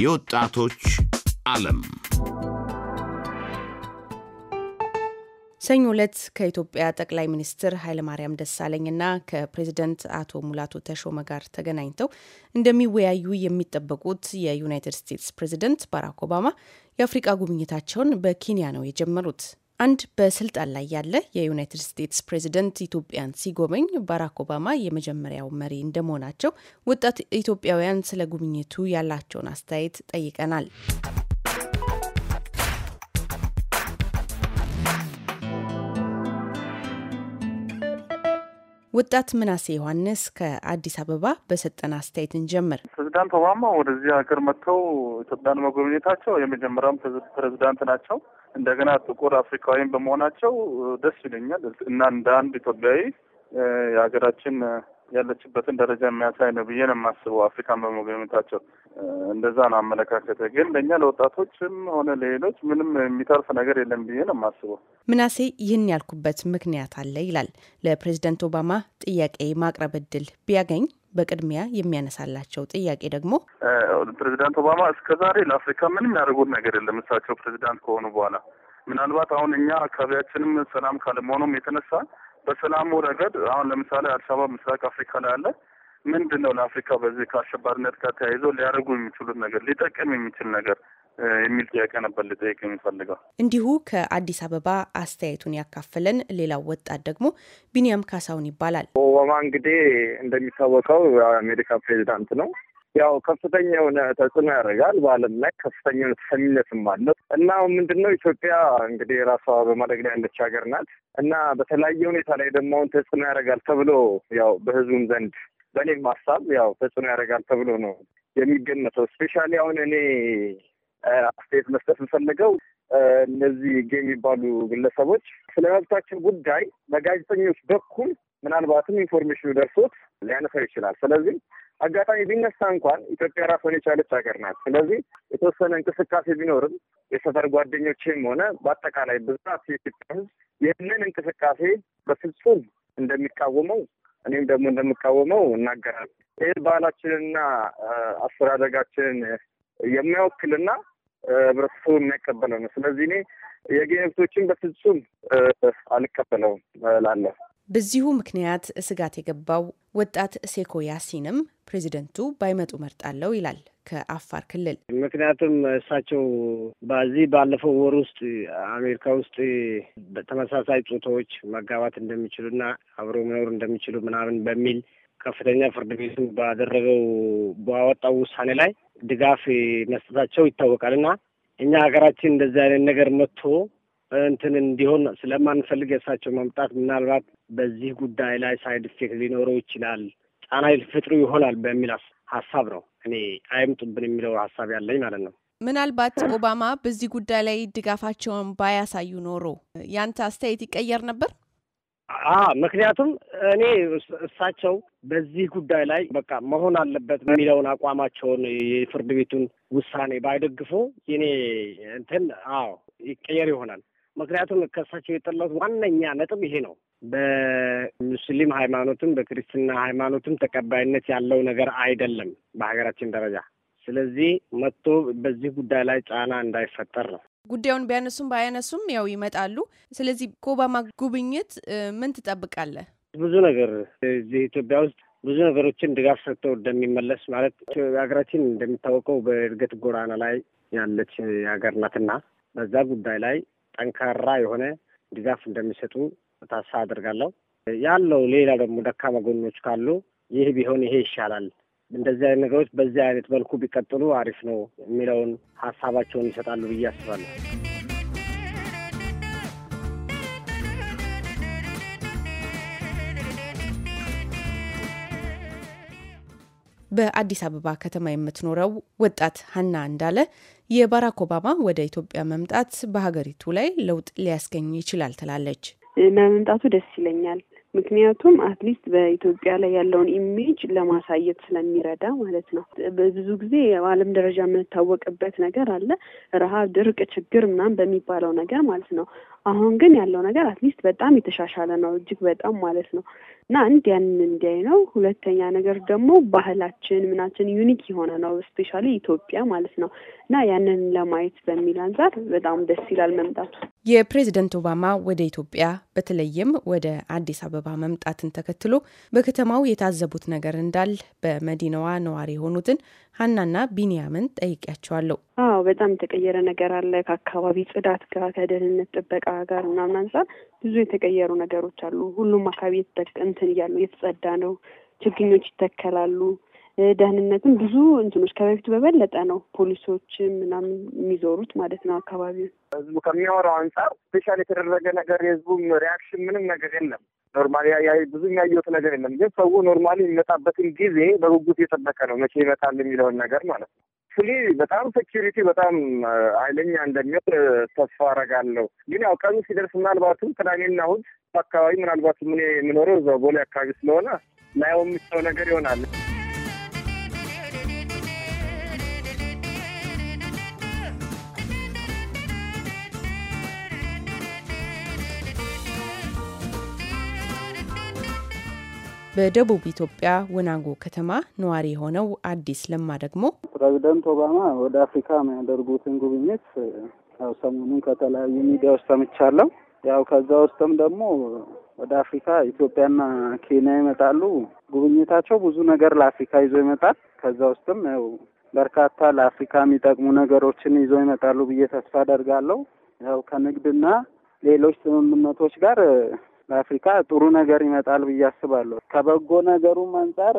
የወጣቶች ዓለም ሰኞ ዕለት ከኢትዮጵያ ጠቅላይ ሚኒስትር ኃይለማርያም ደሳለኝና ከፕሬዚደንት አቶ ሙላቱ ተሾመ ጋር ተገናኝተው እንደሚወያዩ የሚጠበቁት የዩናይትድ ስቴትስ ፕሬዚደንት ባራክ ኦባማ የአፍሪቃ ጉብኝታቸውን በኬንያ ነው የጀመሩት። አንድ በስልጣን ላይ ያለ የዩናይትድ ስቴትስ ፕሬዚደንት ኢትዮጵያን ሲጎበኝ ባራክ ኦባማ የመጀመሪያው መሪ እንደመሆናቸው ወጣት ኢትዮጵያውያን ስለ ጉብኝቱ ያላቸውን አስተያየት ጠይቀናል። ወጣት ምናሴ ዮሐንስ ከአዲስ አበባ በሰጠን አስተያየት እንጀምር። ፕሬዚዳንት ኦባማ ወደዚህ ሀገር መጥተው ኢትዮጵያን መጎብኘታቸው የመጀመሪያውም ፕሬዚዳንት ናቸው። እንደገና ጥቁር አፍሪካዊም በመሆናቸው ደስ ይለኛል እና እንደ አንድ ኢትዮጵያዊ የሀገራችን ያለችበትን ደረጃ የሚያሳይ ነው ብዬ ነው የማስበው። አፍሪካን በመጎብኘታቸው እንደዛ ነው አመለካከተ። ግን ለእኛ ለወጣቶችም ሆነ ለሌሎች ምንም የሚተርፍ ነገር የለም ብዬ ነው የማስበው። ምናሴ ይህን ያልኩበት ምክንያት አለ ይላል። ለፕሬዝደንት ኦባማ ጥያቄ ማቅረብ እድል ቢያገኝ በቅድሚያ የሚያነሳላቸው ጥያቄ ደግሞ ፕሬዚዳንት ኦባማ እስከ ዛሬ ለአፍሪካ ምንም ያደርጉት ነገር የለም እሳቸው ፕሬዚዳንት ከሆኑ በኋላ ምናልባት አሁን እኛ አካባቢያችንም ሰላም ካለመሆኑም የተነሳ በሰላሙ ረገድ አሁን ለምሳሌ አዲስ አበባ ምስራቅ አፍሪካ ላይ አለ ምንድን ነው ለአፍሪካ በዚህ ከአሸባሪነት ጋር ተያይዞ ሊያደርጉ የሚችሉት ነገር ሊጠቅም የሚችል ነገር የሚል ጥያቄ ነበር ልጠይቅ የሚፈልገው። እንዲሁ ከአዲስ አበባ አስተያየቱን ያካፈለን ሌላው ወጣት ደግሞ ቢኒያም ካሳውን ይባላል። ኦባማ እንግዲህ እንደሚታወቀው የአሜሪካ ፕሬዚዳንት ነው። ያው ከፍተኛ የሆነ ተጽዕኖ ያደርጋል በዓለም ላይ ከፍተኛ የሆነ ተሰሚነትም አለው እና ምንድነው ኢትዮጵያ እንግዲህ ራሷ በማደግ ላይ ያለች ሀገር ናት እና በተለያየ ሁኔታ ላይ ደግሞ አሁን ተጽዕኖ ያደርጋል ተብሎ ያው በህዝቡም ዘንድ በእኔም ሀሳብ ያው ተጽዕኖ ያደርጋል ተብሎ ነው የሚገመተው። ስፔሻሊ አሁን እኔ አስተያየት መስጠት የምፈልገው እነዚህ ጌ የሚባሉ ግለሰቦች ስለ መብታችን ጉዳይ በጋዜጠኞች በኩል ምናልባትም ኢንፎርሜሽኑ ደርሶት ሊያነሳው ይችላል። ስለዚህ አጋጣሚ ቢነሳ እንኳን ኢትዮጵያ ራሷን የቻለች ሀገር ናት። ስለዚህ የተወሰነ እንቅስቃሴ ቢኖርም የሰፈር ጓደኞችም ሆነ በአጠቃላይ ብዛት የኢትዮጵያ ሕዝብ ይህንን እንቅስቃሴ በፍጹም እንደሚቃወመው እኔም ደግሞ እንደምቃወመው እናገራለሁ። ይህ ባህላችንና አስተዳደጋችንን የሚወክልና ህብረተሰቡ የማይቀበለው ነው። ስለዚህ እኔ የጌ መብቶችን በፍጹም አልቀበለውም ላለሁ በዚሁ ምክንያት ስጋት የገባው ወጣት ሴኮ ያሲንም ፕሬዚደንቱ ባይመጡ መርጣለው ይላል ከአፋር ክልል። ምክንያቱም እሳቸው በዚህ ባለፈው ወር ውስጥ አሜሪካ ውስጥ በተመሳሳይ ጾታዎች መጋባት እንደሚችሉና አብሮ መኖር እንደሚችሉ ምናምን በሚል ከፍተኛ ፍርድ ቤቱ ባደረገው ባወጣው ውሳኔ ላይ ድጋፍ መስጠታቸው ይታወቃል እና እኛ ሀገራችን እንደዚህ አይነት ነገር መጥቶ እንትን እንዲሆን ስለማንፈልግ የእሳቸው መምጣት ምናልባት በዚህ ጉዳይ ላይ ሳይድ ኢፌክት ሊኖረው ይችላል፣ ጫና ፍጥሩ ይሆናል በሚል ሀሳብ ነው እኔ አይምጡብን የሚለው ሀሳብ ያለኝ ማለት ነው። ምናልባት ኦባማ በዚህ ጉዳይ ላይ ድጋፋቸውን ባያሳዩ ኖሮ ያንተ አስተያየት ይቀየር ነበር? ምክንያቱም እኔ እሳቸው በዚህ ጉዳይ ላይ በቃ መሆን አለበት የሚለውን አቋማቸውን የፍርድ ቤቱን ውሳኔ ባይደግፎ እኔ እንትን አዎ ይቀየር ይሆናል። ምክንያቱም ከእሳቸው የጠላት ዋነኛ ነጥብ ይሄ ነው። በሙስሊም ሃይማኖትም በክርስትና ሃይማኖትም ተቀባይነት ያለው ነገር አይደለም በሀገራችን ደረጃ። ስለዚህ መጥቶ በዚህ ጉዳይ ላይ ጫና እንዳይፈጠር ነው። ጉዳዩን ቢያነሱም ባያነሱም ያው ይመጣሉ። ስለዚህ ከኦባማ ጉብኝት ምን ትጠብቃለህ? ብዙ ነገር እዚህ ኢትዮጵያ ውስጥ ብዙ ነገሮችን ድጋፍ ሰጥቶ እንደሚመለስ ማለት ሀገራችን እንደሚታወቀው በእድገት ጎዳና ላይ ያለች ሀገር ናትና በዛ ጉዳይ ላይ ጠንካራ የሆነ ድጋፍ እንደሚሰጡ ተስፋ አደርጋለሁ። ያለው ሌላ ደግሞ ደካማ ጎኖች ካሉ ይህ ቢሆን ይሄ ይሻላል እንደዚህ አይነት ነገሮች በዚህ አይነት መልኩ ቢቀጥሉ አሪፍ ነው የሚለውን ሀሳባቸውን ይሰጣሉ ብዬ አስባለሁ። በአዲስ አበባ ከተማ የምትኖረው ወጣት ሀና እንዳለ የባራክ ኦባማ ወደ ኢትዮጵያ መምጣት በሀገሪቱ ላይ ለውጥ ሊያስገኝ ይችላል ትላለች። መምጣቱ ደስ ይለኛል። ምክንያቱም አትሊስት በኢትዮጵያ ላይ ያለውን ኢሜጅ ለማሳየት ስለሚረዳ ማለት ነው። በብዙ ጊዜ በዓለም ደረጃ የምንታወቅበት ነገር አለ፣ ረሃብ፣ ድርቅ፣ ችግር ምናምን በሚባለው ነገር ማለት ነው። አሁን ግን ያለው ነገር አትሊስት በጣም የተሻሻለ ነው፣ እጅግ በጣም ማለት ነው። እና አንድ ያንን እንዲያይ ነው። ሁለተኛ ነገር ደግሞ ባህላችን ምናችን ዩኒክ የሆነ ነው፣ ስፔሻሊ ኢትዮጵያ ማለት ነው። እና ያንን ለማየት በሚል አንጻር በጣም ደስ ይላል መምጣቱ። የፕሬዝደንት ኦባማ ወደ ኢትዮጵያ በተለይም ወደ አዲስ አበባ መምጣትን ተከትሎ በከተማው የታዘቡት ነገር እንዳል በመዲናዋ ነዋሪ የሆኑትን ሀናና ቢንያምን ጠይቂያቸዋለሁ። አዎ በጣም የተቀየረ ነገር አለ። ከአካባቢ ጽዳት ጋር፣ ከደህንነት ጥበቃ ጋር ምናምን አንጻር ብዙ የተቀየሩ ነገሮች አሉ። ሁሉም አካባቢ እንትን እያሉ እየተጸዳ ነው። ችግኞች ይተከላሉ። ደህንነትም ብዙ እንትኖች ከበፊቱ በበለጠ ነው ፖሊሶች ምናምን የሚዞሩት ማለት ነው። አካባቢውን ህዝቡ ከሚያወራው አንጻር ስፔሻል የተደረገ ነገር የህዝቡም ሪያክሽን ምንም ነገር የለም። ኖርማሊ ብዙ የሚያየት ነገር የለም። ግን ሰው ኖርማሊ የሚመጣበትን ጊዜ በጉጉት የጠበቀ ነው፣ መቼ ይመጣል የሚለውን ነገር ማለት ነው። ፍሊ በጣም ሴኪሪቲ በጣም ኃይለኛ እንደሚሆን ተስፋ አረጋለሁ። ግን ያው ቀኑ ሲደርስ ምናልባትም ቅዳሜና እሑድ አካባቢ ምናልባትም እኔ የምኖረው እዛው ቦሌ አካባቢ ስለሆነ ላይ የሚሰው ነገር ይሆናል። በደቡብ ኢትዮጵያ ወናጎ ከተማ ነዋሪ የሆነው አዲስ ለማ ደግሞ ፕሬዚደንት ኦባማ ወደ አፍሪካ የሚያደርጉትን ጉብኝት ያው ሰሞኑን ከተለያዩ ሚዲያዎች ሰምቻለሁ። ያው ከዛ ውስጥም ደግሞ ወደ አፍሪካ ኢትዮጵያና ኬንያ ይመጣሉ። ጉብኝታቸው ብዙ ነገር ለአፍሪካ ይዞ ይመጣል። ከዛ ውስጥም ያው በርካታ ለአፍሪካ የሚጠቅሙ ነገሮችን ይዞ ይመጣሉ ብዬ ተስፋ አደርጋለሁ። ያው ከንግድና ሌሎች ስምምነቶች ጋር ለአፍሪካ ጥሩ ነገር ይመጣል ብዬ አስባለሁ። ከበጎ ነገሩም አንጻር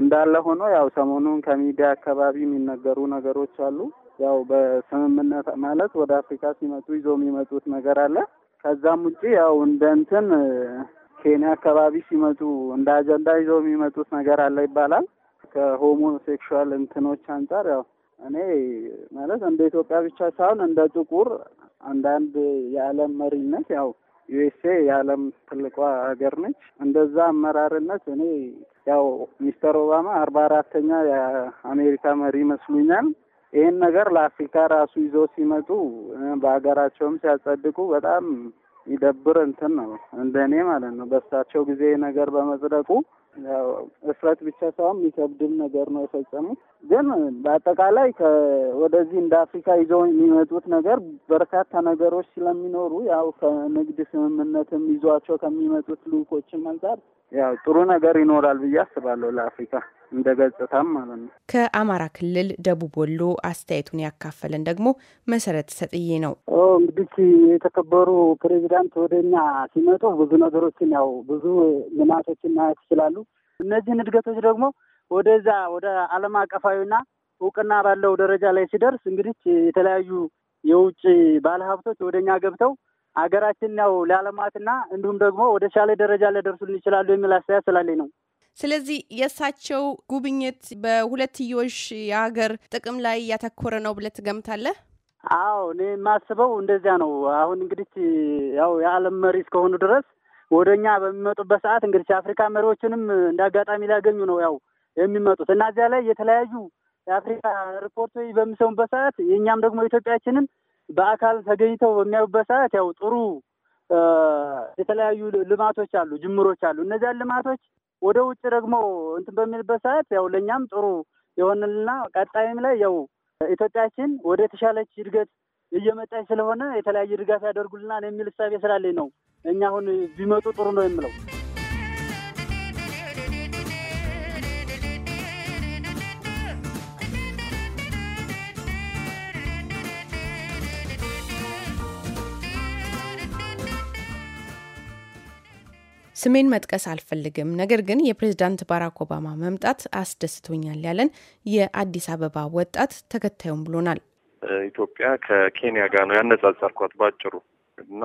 እንዳለ ሆኖ ያው ሰሞኑን ከሚዲያ አካባቢ የሚነገሩ ነገሮች አሉ። ያው በስምምነት ማለት ወደ አፍሪካ ሲመጡ ይዞ የሚመጡት ነገር አለ። ከዛም ውጭ ያው እንደ እንትን ኬንያ አካባቢ ሲመጡ እንደ አጀንዳ ይዞ የሚመጡት ነገር አለ ይባላል። ከሆሞሴክሹዋል እንትኖች አንጻር ያው እኔ ማለት እንደ ኢትዮጵያ ብቻ ሳይሆን እንደ ጥቁር አንዳንድ የዓለም መሪነት ያው ዩኤስኤ የዓለም ትልቋ ሀገር ነች። እንደዛ አመራርነት እኔ ያው ሚስተር ኦባማ አርባ አራተኛ የአሜሪካ መሪ ይመስሉኛል። ይህን ነገር ለአፍሪካ ራሱ ይዘው ሲመጡ በሀገራቸውም ሲያጸድቁ በጣም ይደብር እንትን ነው እንደኔ ማለት ነው። በሳቸው ጊዜ ነገር በመጽደቁ እፍረት ብቻ ሳይሆን የሚከብድም ነገር ነው የፈጸሙት። ግን በአጠቃላይ ወደዚህ እንደ አፍሪካ ይዘው የሚመጡት ነገር በርካታ ነገሮች ስለሚኖሩ ያው ከንግድ ስምምነትም ይዟቸው ከሚመጡት ልዑኮችም አንጻር ያው ጥሩ ነገር ይኖራል ብዬ አስባለሁ ለአፍሪካ እንደ ገጽታም ማለት ነው። ከአማራ ክልል ደቡብ ወሎ አስተያየቱን ያካፈለን ደግሞ መሰረት ሰጥዬ ነው። እንግዲህ የተከበሩ ፕሬዚዳንት ወደ እኛ ሲመጡ ብዙ ነገሮችን ያው ብዙ ልማቶችን ማየት ይችላሉ። እነዚህን እድገቶች ደግሞ ወደዛ ወደ ዓለም አቀፋዊና እውቅና ባለው ደረጃ ላይ ሲደርስ እንግዲህ የተለያዩ የውጭ ባለሀብቶች ወደ እኛ ገብተው ሀገራችን ያው ላለማትና እንዲሁም ደግሞ ወደ ሻለ ደረጃ ሊደርሱን ይችላሉ የሚል አስተያየት ስላለኝ ነው። ስለዚህ የእሳቸው ጉብኝት በሁለትዮሽ የሀገር ጥቅም ላይ ያተኮረ ነው ብለህ ትገምታለህ? አዎ እኔ የማስበው እንደዚያ ነው። አሁን እንግዲህ ያው የዓለም መሪ እስከሆኑ ድረስ ወደ እኛ በሚመጡበት ሰዓት እንግዲህ የአፍሪካ መሪዎችንም እንደ አጋጣሚ ሊያገኙ ነው ያው የሚመጡት እና እዚያ ላይ የተለያዩ የአፍሪካ ሪፖርቶች በሚሰሙበት ሰዓት የእኛም ደግሞ ኢትዮጵያችንን በአካል ተገኝተው በሚያዩበት ሰዓት ያው ጥሩ የተለያዩ ልማቶች አሉ፣ ጅምሮች አሉ። እነዚያን ልማቶች ወደ ውጭ ደግሞ እንትን በሚልበት ሰዓት ያው ለእኛም ጥሩ የሆንልና ቀጣይም ላይ ያው ኢትዮጵያችን ወደ ተሻለች እድገት እየመጣች ስለሆነ የተለያየ ድጋፍ ያደርጉልናል የሚል እሳቤ ስላለኝ ነው እኛ አሁን ቢመጡ ጥሩ ነው የምለው። ስሜን መጥቀስ አልፈልግም፣ ነገር ግን የፕሬዝዳንት ባራክ ኦባማ መምጣት አስደስቶኛል ያለን የአዲስ አበባ ወጣት ተከታዩም ብሎናል። ኢትዮጵያ ከኬንያ ጋር ነው ያነጻጸርኳት ባጭሩ እና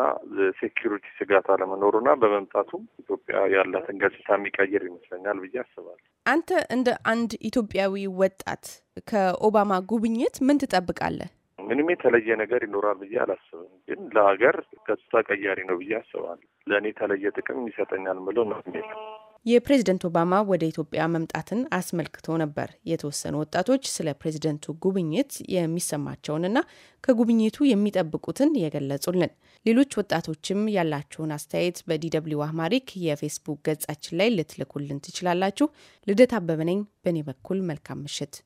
ሴኪሪቲ ስጋት አለመኖሩና በመምጣቱም ኢትዮጵያ ያላትን ገጽታ የሚቀይር ይመስለኛል ብዬ አስባለሁ። አንተ እንደ አንድ ኢትዮጵያዊ ወጣት ከኦባማ ጉብኝት ምን ትጠብቃለህ? ምንም የተለየ ነገር ይኖራል ብዬ አላስብም። ግን ለሀገር ገጽታ ቀያሪ ነው ብዬ አስባለሁ። ለእኔ የተለየ ጥቅም ይሰጠኛል ምለው ነው የፕሬዝደንት ኦባማ ወደ ኢትዮጵያ መምጣትን አስመልክቶ ነበር የተወሰኑ ወጣቶች ስለ ፕሬዝደንቱ ጉብኝት የሚሰማቸውንና ከጉብኝቱ የሚጠብቁትን የገለጹልን። ሌሎች ወጣቶችም ያላችሁን አስተያየት በዲደብሊው አማሪክ የፌስቡክ ገጻችን ላይ ልትልኩልን ትችላላችሁ። ልደት አበበ ነኝ። በእኔ በኩል መልካም ምሽት።